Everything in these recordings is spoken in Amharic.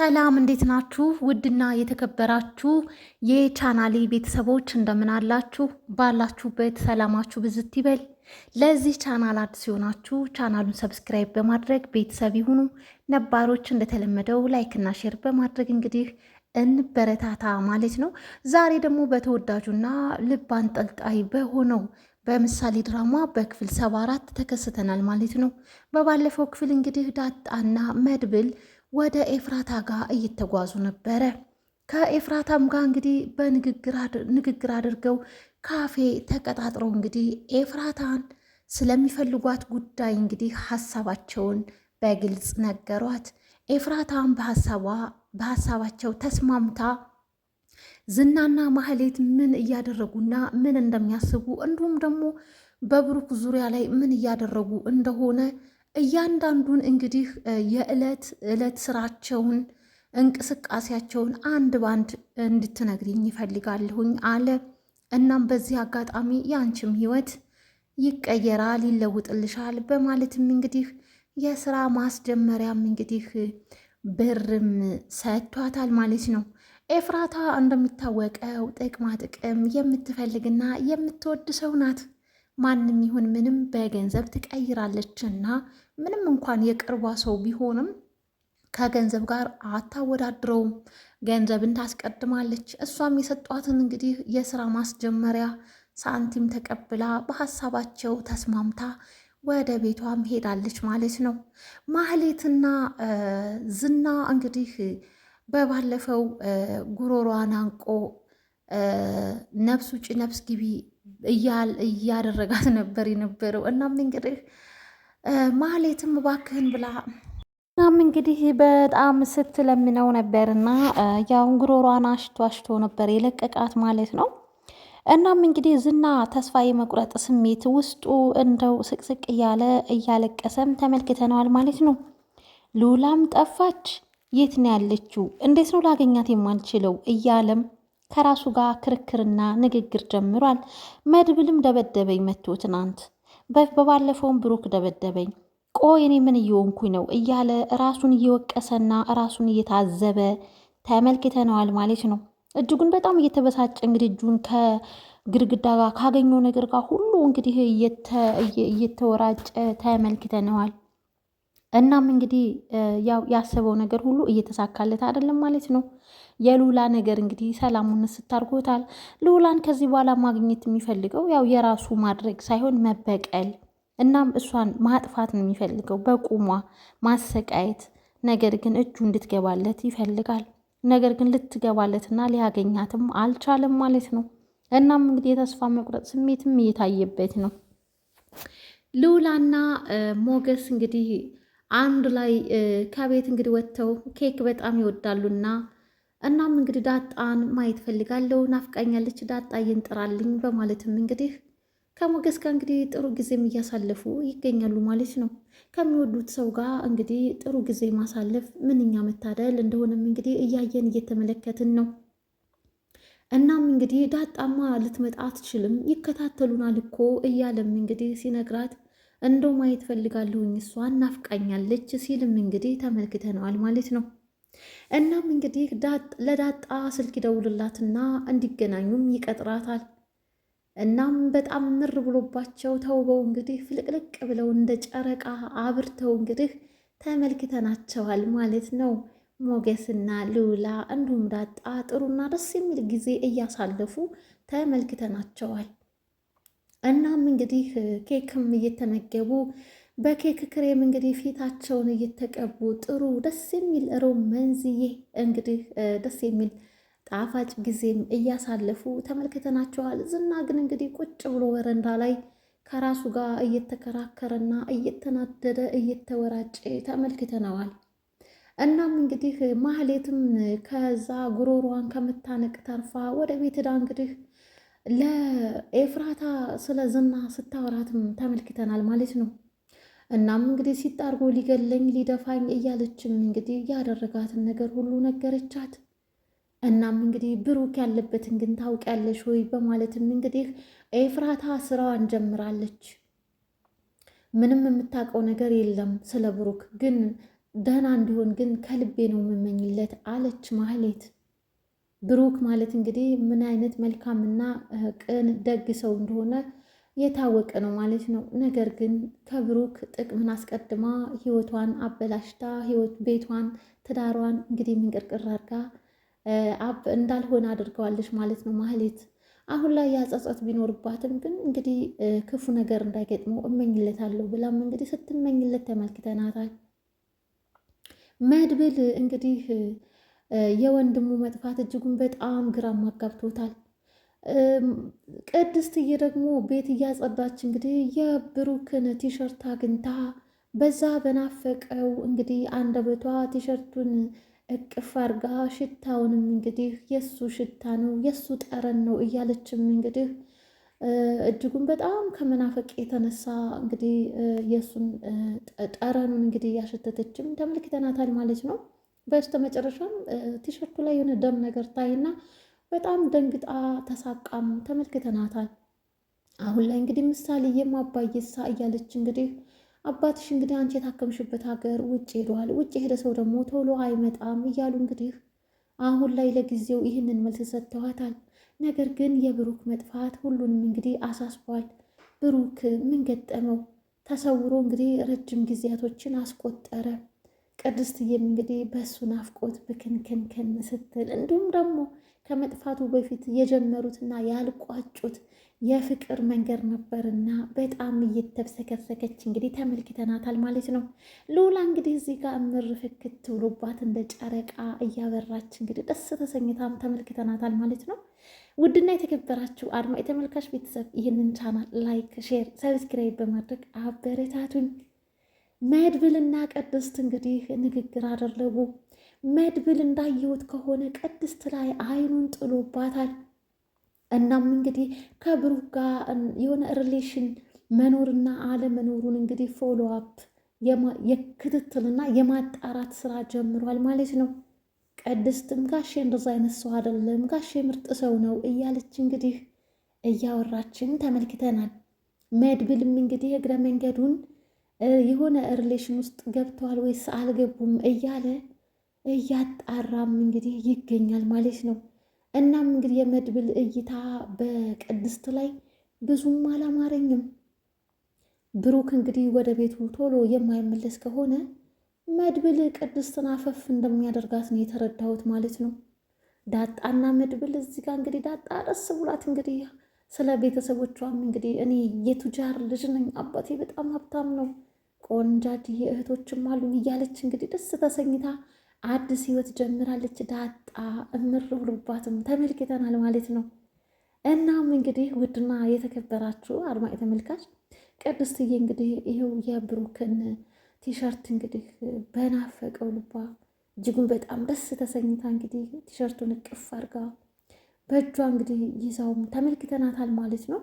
ሰላም እንዴት ናችሁ? ውድና የተከበራችሁ የቻናሌ ቤተሰቦች እንደምን አላችሁ? ባላችሁበት ሰላማችሁ ብዝት ይበል። ለዚህ ቻናል አዲስ የሆናችሁ ቻናሉን ሰብስክራይብ በማድረግ ቤተሰብ ይሁኑ። ነባሮች እንደተለመደው ላይክና ሼር በማድረግ እንግዲህ እንበረታታ ማለት ነው። ዛሬ ደግሞ በተወዳጁና ልብ አንጠልጣይ በሆነው በምሳሌ ድራማ በክፍል ሰባ አራት ተከስተናል ማለት ነው። በባለፈው ክፍል እንግዲህ ዳጣና መድብል ወደ ኤፍራታ ጋር እየተጓዙ ነበረ። ከኤፍራታም ጋር እንግዲህ በንግግር አድርገው ካፌ ተቀጣጥረው እንግዲህ ኤፍራታን ስለሚፈልጓት ጉዳይ እንግዲህ ሀሳባቸውን በግልጽ ነገሯት። ኤፍራታን በሀሳባቸው ተስማምታ ዝናና ማህሌት ምን እያደረጉና ምን እንደሚያስቡ እንዲሁም ደግሞ በብሩክ ዙሪያ ላይ ምን እያደረጉ እንደሆነ እያንዳንዱን እንግዲህ የዕለት ዕለት ስራቸውን እንቅስቃሴያቸውን አንድ ባንድ እንድትነግሪኝ ይፈልጋለሁኝ አለ። እናም በዚህ አጋጣሚ የአንችም ህይወት ይቀየራል፣ ይለውጥልሻል በማለትም እንግዲህ የስራ ማስጀመሪያም እንግዲህ ብርም ሰጥቷታል ማለት ነው። ኤፍራታ እንደሚታወቀው ጥቅማ ጥቅም የምትፈልግና የምትወድ ሰው ናት። ማንም ይሁን ምንም በገንዘብ ትቀይራለች እና ምንም እንኳን የቅርቧ ሰው ቢሆንም ከገንዘብ ጋር አታወዳድረውም። ገንዘብን ታስቀድማለች። እሷም የሰጧትን እንግዲህ የስራ ማስጀመሪያ ሳንቲም ተቀብላ በሀሳባቸው ተስማምታ ወደ ቤቷም ሄዳለች ማለት ነው። ማህሌትና ዝና እንግዲህ በባለፈው ጉሮሯን አንቆ ነፍስ ውጭ ነፍስ ግቢ እያደረጋት ነበር የነበረው። እናም እንግዲህ ማህሌትም እባክህን ብላ እናም እንግዲህ በጣም ስትለምነው ነበርና ያው ጉሮሯን አሽቶ አሽቶ ነበር የለቀቃት ማለት ነው። እናም እንግዲህ ዝና ተስፋ የመቁረጥ ስሜት ውስጡ እንደው ስቅስቅ እያለ እያለቀሰም ተመልክተነዋል ማለት ነው። ሉላም ጠፋች፣ የት ነው ያለችው? እንዴት ነው ላገኛት የማልችለው? እያለም ከራሱ ጋር ክርክርና ንግግር ጀምሯል። መድብልም ደበደበኝ መቶ ትናንት በባለፈውም ብሩክ ደበደበኝ፣ ቆይ እኔ ምን እየሆንኩኝ ነው እያለ ራሱን እየወቀሰና ራሱን እየታዘበ ተመልክተነዋል ማለት ነው። እጅጉን በጣም እየተበሳጨ እንግዲህ እጁን ከግድግዳ ጋር ካገኘው ነገር ጋር ሁሉ እንግዲህ እየተወራጨ ተመልክተነዋል። እናም እንግዲህ ያሰበው ነገር ሁሉ እየተሳካለት አይደለም ማለት ነው። የሉላ ነገር እንግዲህ ሰላሙን ስታርጎታል። ሉላን ከዚህ በኋላ ማግኘት የሚፈልገው ያው የራሱ ማድረግ ሳይሆን መበቀል እናም እሷን ማጥፋት ነው የሚፈልገው፣ በቁሟ ማሰቃየት። ነገር ግን እጁ እንድትገባለት ይፈልጋል። ነገር ግን ልትገባለትና ሊያገኛትም አልቻለም ማለት ነው። እናም እንግዲህ የተስፋ መቁረጥ ስሜትም እየታየበት ነው። ሉላና ሞገስ እንግዲህ አንድ ላይ ከቤት እንግዲህ ወጥተው ኬክ በጣም ይወዳሉና እናም እንግዲህ ዳጣን ማየት ፈልጋለሁ፣ ናፍቃኛለች፣ ዳጣ ይንጥራልኝ በማለትም እንግዲህ ከሞገስ ጋር እንግዲህ ጥሩ ጊዜም እያሳለፉ ይገኛሉ ማለት ነው። ከሚወዱት ሰው ጋር እንግዲህ ጥሩ ጊዜ ማሳለፍ ምንኛ መታደል እንደሆነም እንግዲህ እያየን እየተመለከትን ነው። እናም እንግዲህ ዳጣማ ልትመጣ አትችልም፣ ይከታተሉናል እኮ እያለም እንግዲህ ሲነግራት እንደው ማየት ፈልጋለሁኝ እሷን ናፍቃኛለች ሲልም እንግዲህ ተመልክተነዋል ማለት ነው። እናም እንግዲህ ለዳጣ ስልክ ይደውልላትና እንዲገናኙም ይቀጥራታል። እናም በጣም ምር ብሎባቸው ተውበው እንግዲህ ፍልቅልቅ ብለው እንደ ጨረቃ አብርተው እንግዲህ ተመልክተናቸዋል ማለት ነው። ሞገስና ልውላ እንዲሁም ዳጣ ጥሩና ደስ የሚል ጊዜ እያሳለፉ ተመልክተናቸዋል። እናም እንግዲህ ኬክም እየተመገቡ በኬክ ክሬም እንግዲህ ፊታቸውን እየተቀቡ ጥሩ ደስ የሚል ሮመንዝዬ እንግዲህ ደስ የሚል ጣፋጭ ጊዜም እያሳለፉ ተመልክተናቸዋል። ዝና ግን እንግዲህ ቁጭ ብሎ ወረንዳ ላይ ከራሱ ጋር እየተከራከረና እየተናደደ እየተወራጨ ተመልክተነዋል። እናም እንግዲህ ማህሌትም ከዛ ጉሮሯን ከምታነቅ ተርፋ ወደ ቤት እንግዲህ ለኤፍራታ ስለ ዝና ስታወራትም ተመልክተናል ማለት ነው። እናም እንግዲህ ሲጣርጎ ሊገለኝ ሊደፋኝ እያለችም እንግዲህ ያደረጋትን ነገር ሁሉ ነገረቻት። እናም እንግዲህ ብሩክ ያለበትን ግን ታውቂያለሽ ወይ በማለትም እንግዲህ ኤፍራታ ስራዋን ጀምራለች። ምንም የምታውቀው ነገር የለም ስለ ብሩክ ግን ደህና እንዲሆን ግን ከልቤ ነው የምመኝለት አለች ማህሌት። ብሩክ ማለት እንግዲህ ምን አይነት መልካምና ቅን ደግ ሰው እንደሆነ የታወቀ ነው ማለት ነው። ነገር ግን ከብሩክ ጥቅምን አስቀድማ ህይወቷን አበላሽታ ህይወት ቤቷን፣ ትዳሯን እንግዲህ ምንቅርቅር አድርጋ አብ እንዳልሆነ አድርገዋለች ማለት ነው ማህሌት። አሁን ላይ የአጸጸት ቢኖርባትም ግን እንግዲህ ክፉ ነገር እንዳይገጥመው እመኝለታለሁ ብላም እንግዲህ ስትመኝለት ተመልክተናታል። መድብል እንግዲህ የወንድሙ መጥፋት እጅጉን በጣም ግራም አጋብቶታል። ቅድስትዬ ደግሞ ቤት እያጸዳች እንግዲህ የብሩክን ቲሸርት አግኝታ በዛ በናፈቀው እንግዲህ አንደበቷ ቲሸርቱን እቅፍ አርጋ ሽታውንም እንግዲህ የእሱ ሽታ ነው የእሱ ጠረን ነው እያለችም እንግዲህ እጅጉን በጣም ከመናፈቅ የተነሳ እንግዲህ የእሱን ጠረኑን እንግዲህ እያሸተተችም ተመልክተናታል ማለት ነው። በስተ መጨረሻም ቲሸርቱ ላይ የሆነ ደም ነገር ታይና በጣም ደንግጣ ተሳቃም ተመልክተናታል። አሁን ላይ እንግዲህ ምሳሌዬም አባየሳ እያለች እንግዲህ አባትሽ እንግዲህ አንቺ የታከምሽበት ሀገር ውጭ ሄደዋል፣ ውጭ የሄደ ሰው ደግሞ ቶሎ አይመጣም እያሉ እንግዲህ አሁን ላይ ለጊዜው ይህንን መልስ ሰጥተዋታል። ነገር ግን የብሩክ መጥፋት ሁሉንም እንግዲህ አሳስቧል። ብሩክ ምን ገጠመው? ተሰውሮ እንግዲህ ረጅም ጊዜያቶችን አስቆጠረ። ቅድስትዬም እንግዲህ በእሱ ናፍቆት ብክንክንክን ስትል እንዲሁም ደግሞ ከመጥፋቱ በፊት የጀመሩትና ያልቋጩት የፍቅር መንገድ ነበርና በጣም እየተብሰከሰከች እንግዲህ ተመልክተናታል ማለት ነው። ሉላ እንግዲህ እዚህ ጋር እምር ፍክት ብሎባት እንደ ጨረቃ እያበራች እንግዲህ ደስ ተሰኝታም ተመልክተናታል ማለት ነው። ውድና የተከበራችሁ አድማ የተመልካች ቤተሰብ ይህንን ቻናል ላይክ፣ ሼር፣ ሰብስክራይብ በማድረግ አበረታቱኝ። መድብልና ቅድስት እንግዲህ ንግግር አደረጉ። መድብል እንዳየሁት ከሆነ ቅድስት ላይ አይኑን ጥሎባታል። እናም እንግዲህ ከብሩክ ጋር የሆነ ሪሌሽን መኖርና አለመኖሩን እንግዲህ ፎሎ አፕ የክትትልና የማጣራት ስራ ጀምሯል ማለት ነው። ቅድስትም ጋሼ እንደዛ አይነት ሰው አይደለም፣ ጋሼ ምርጥ ሰው ነው እያለች እንግዲህ እያወራችን ተመልክተናል። መድብልም እንግዲህ እግረ መንገዱን የሆነ ሪሌሽን ውስጥ ገብተዋል ወይስ አልገቡም እያለ እያጣራም እንግዲህ ይገኛል ማለት ነው። እናም እንግዲህ የመድብል እይታ በቅድስት ላይ ብዙም አላማረኝም። ብሩክ እንግዲህ ወደ ቤቱ ቶሎ የማይመለስ ከሆነ መድብል ቅድስትን አፈፍ እንደሚያደርጋት ነው የተረዳሁት ማለት ነው። ዳጣና መድብል እዚህ ጋር እንግዲህ ዳጣ ደስ ብሏት እንግዲህ ስለ ቤተሰቦቿም እንግዲህ እኔ የቱጃር ልጅ ነኝ፣ አባቴ በጣም ሀብታም ነው፣ ቆንጃጅ እህቶችም አሉኝ እያለች እንግዲህ ደስ ተሰኝታ አዲስ ህይወት ጀምራለች ዳጣ እምር ብሎባትም ተመልክተናል ማለት ነው። እናም እንግዲህ ውድና የተከበራችሁ አድማጭ ተመልካች ቅድስትዬ እንግዲህ ይኸው የብሩክን ቲሸርት እንግዲህ በናፈቀው ልቧ እጅጉን በጣም ደስ ተሰኝታ እንግዲህ ቲሸርቱን እቅፍ አድርጋ በእጇ እንግዲህ ይዛውም ተመልክተናታል ማለት ነው።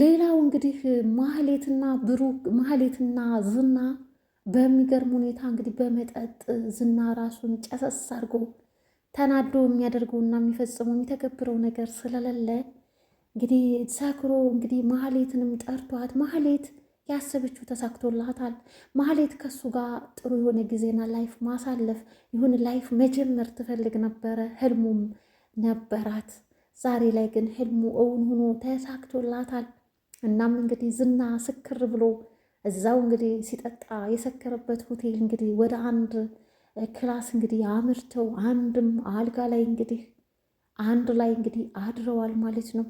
ሌላው እንግዲህ ማህሌትና ብሩክ ማህሌትና ዝና በሚገርም ሁኔታ እንግዲህ በመጠጥ ዝና ራሱን ጨሰስ አድርጎ ተናዶ የሚያደርገውና የሚፈጽመው የሚተገብረው ነገር ስለሌለ እንግዲህ ሰክሮ እንግዲህ ማህሌትንም ጠርቷት ማህሌት ያሰበችው ተሳክቶላታል። ማህሌት ከሱ ጋር ጥሩ የሆነ ጊዜና ላይፍ ማሳለፍ ይሁን ላይፍ መጀመር ትፈልግ ነበረ፣ ህልሙም ነበራት። ዛሬ ላይ ግን ህልሙ እውን ሆኖ ተሳክቶላታል። እናም እንግዲህ ዝና ስክር ብሎ እዛው እንግዲህ ሲጠጣ የሰከረበት ሆቴል እንግዲህ ወደ አንድ ክላስ እንግዲህ አምርተው አንድም አልጋ ላይ እንግዲህ አንድ ላይ እንግዲህ አድረዋል ማለት ነው።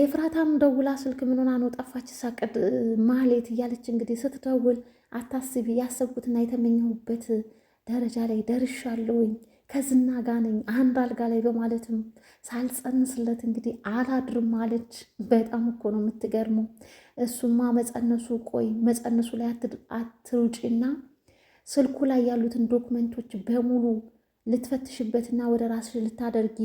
ኤፍራታም ደውላ ስልክ ምን ሆና ነው ጠፋች ሳቀድ ማሌት እያለች እንግዲህ ስትደውል አታስቢ፣ ያሰብኩትና የተመኘሁበት ደረጃ ላይ ደርሻለሁኝ ከዝና ጋ ነኝ አንድ አልጋ ላይ በማለትም ሳልጸንስለት እንግዲህ አላድርም አለች። በጣም እኮ ነው የምትገርመው። እሱማ መጸነሱ ቆይ መጸነሱ ላይ አትሩጪና ስልኩ ላይ ያሉትን ዶክመንቶች በሙሉ ልትፈትሽበትና ወደ ራስሽ ልታደርጊ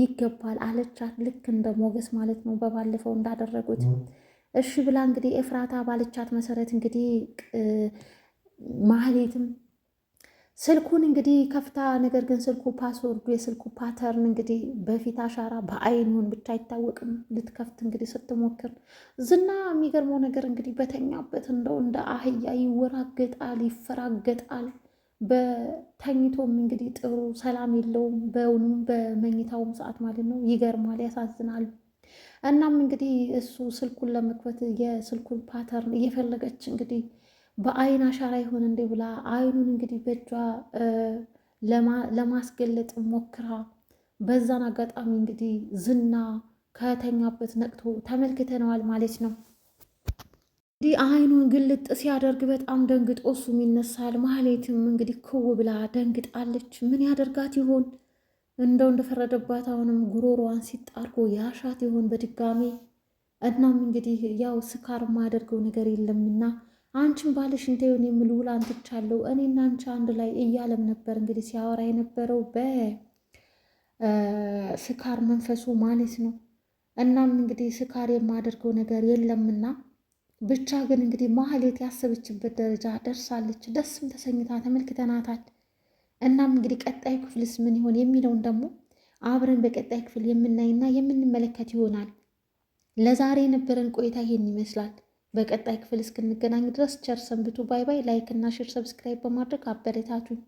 ይገባል አለቻት። ልክ እንደ ሞገስ ማለት ነው በባለፈው እንዳደረጉት። እሺ ብላ እንግዲህ ኤፍራታ ባለቻት መሰረት እንግዲህ ማህሌትም ስልኩን እንግዲህ ከፍታ ነገር ግን ስልኩ ፓስወርዱ የስልኩ ፓተርን እንግዲህ በፊት አሻራ በአይኑን ብቻ አይታወቅም። ልትከፍት እንግዲህ ስትሞክር ዝና የሚገርመው ነገር እንግዲህ በተኛበት እንደው እንደ አህያ ይወራገጣል፣ ይፈራገጣል። በተኝቶም እንግዲህ ጥሩ ሰላም የለውም። በውኑም በመኝታውም ሰዓት ማለት ነው። ይገርማል፣ ያሳዝናል። እናም እንግዲህ እሱ ስልኩን ለመክፈት የስልኩን ፓተርን እየፈለገች እንግዲህ በአይን አሻራ ይሆን እንዴ ብላ አይኑን እንግዲህ በእጇ ለማስገለጥ ሞክራ በዛን አጋጣሚ እንግዲህ ዝና ከተኛበት ነቅቶ ተመልክተነዋል ማለት ነው። እንግዲህ አይኑን ግልጥ ሲያደርግ በጣም ደንግጦ እሱም ይነሳል። ማህሌትም እንግዲህ ክው ብላ ደንግጣለች። ምን ያደርጋት ይሆን እንደው እንደፈረደባት አሁንም ጉሮሯን ሲጣርጎ ያሻት ይሆን በድጋሚ? እናም እንግዲህ ያው ስካር የማያደርገው ነገር የለምና አንቺም ባልሽ እንትን ውል አንትቻለሁ እኔና አንቺ አንድ ላይ እያለም ነበር እንግዲህ ሲያወራ የነበረው በስካር መንፈሱ ማለት ነው። እናም እንግዲህ ስካር የማደርገው ነገር የለምና ብቻ ግን እንግዲህ ማህሌት ያሰበችበት ደረጃ ደርሳለች። ደስም ተሰኝታ ተመልክተናታል። እናም እንግዲህ ቀጣይ ክፍልስ ምን ይሆን የሚለውን ደግሞ አብረን በቀጣይ ክፍል የምናይና የምንመለከት ይሆናል። ለዛሬ የነበረን ቆይታ ይሄን ይመስላል። በቀጣይ ክፍል እስክንገናኝ ድረስ ቸር ሰንብቱ። ባይ ባይ። ላይክ እና ሼር፣ ሰብስክራይብ በማድረግ አበረታቱኝ።